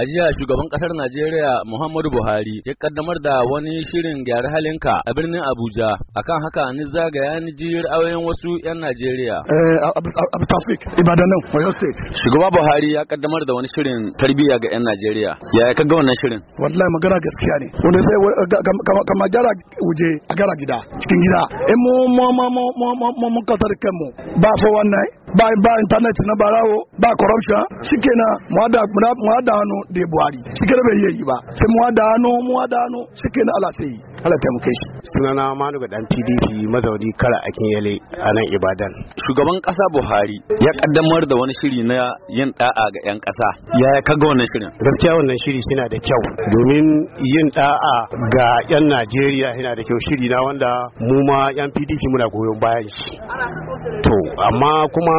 A jiya shugaban kasar Najeriya Muhammadu Buhari ya kaddamar da wani shirin gyara halinka a birnin Abuja. Akan haka ni zagaya ni ji auyen wasu 'yan Najeriya. Shugaba Buhari ya kaddamar da wani shirin tarbiyya ga 'yan Najeriya. Ya ka ga wannan shirin? Wallahi magana gaskiya ne. Wanda sai kama gyara wuje a gyara gida cikin gida. In mu mu mu mu mu mu mu mu mu mu mu mu ba ba internet na barawo ba corruption shike na da mu hannu da buhari shikenan bai yi ba sai mu da hannu mu da hannu shikenan na alasiri Allah muke shi sunana ga dan PDP mazauni kara akin yale a nan Ibadan shugaban kasa Buhari ya kaddamar da wani shiri na yin da'a ga yan kasa Ya ya kaga wannan shirin gaskiya wannan shiri yana da kyau domin yin da'a ga yan Najeriya yana da kyau shiri na wanda mu ma yan PDP muna goyon bayan shi to amma kuma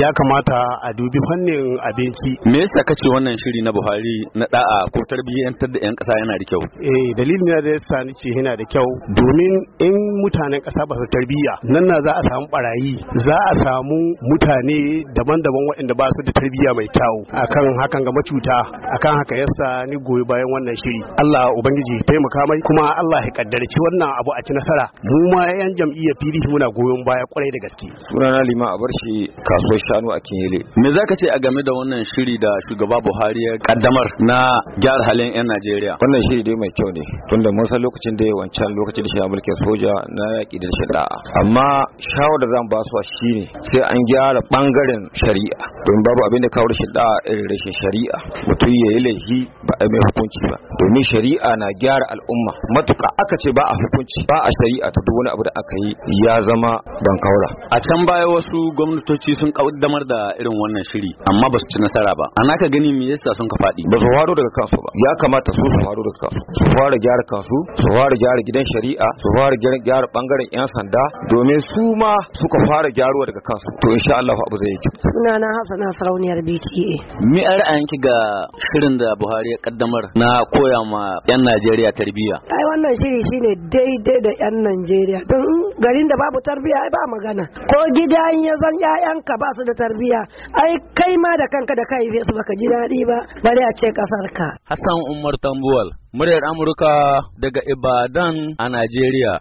ya kamata a dubi fannin abinci me yasa kace wannan shiri na Buhari na da'a ko tarbiyyantar da yan kasa yana da kyau eh dalilin da yasa ni ce yana da kyau domin in mutanen kasa ba su tarbiyya nan na za a samu barayi za a samu mutane daban-daban waɗanda ba su da tarbiyya mai kyau akan hakan ga macuta akan haka yasa ni goyi bayan wannan shiri Allah ubangiji taimaka mai kuma Allah ya kaddarci wannan abu a ci nasara mu ma yan jam'iyyar PDP muna goyon baya kwarai da gaske sunana lima a bar shi kasuwar shanu a Kinyele me zaka ce a game da wannan shiri da shugaba Buhari ya kaddamar na gyara halin yan Najeriya wannan shiri dai mai kyau ne tunda mun san lokacin da dai wancan lokacin da shi mulkin soja na yaƙi da shi da'a amma shawar da zan ba su shine sai an gyara bangaren shari'a don babu abin da kawo da da'a irin rashin shari'a mutum ya yi laifi ba a mai hukunci ba domin shari'a na gyara al'umma matuƙa aka ce ba a hukunci ba a shari'a ta duk wani abu da aka yi ya zama bankaura a can baya wasu gwamnatoci sun kaddamar da irin wannan shiri amma ba su ci nasara ba ana ka gani me yasa sun ka faɗi ba su faro daga kansu ba ya kamata su su faro daga kansu su fara gyara kansu su fara gyara gidan shari'a su fara gyara bangaren yan sanda domin su ma suka fara gyaruwa daga kansu to insha Allah abu zai yi suna na hasana Sarauniyar BTA mi a ki ga shirin da Buhari ya kaddamar na koya ma yan Najeriya tarbiyya ai wannan shiri shine daidai da yan Najeriya don garin da babu tarbiyya ai ba magana ko gida in ya zan ƴaƴanka ba su da tarbiyya ai kai ma da kanka da kai su baka ji daɗi ba bari a ce kasar ka Hassan Umar Tambuwal Muryar Amurka daga Ibadan a Najeriya.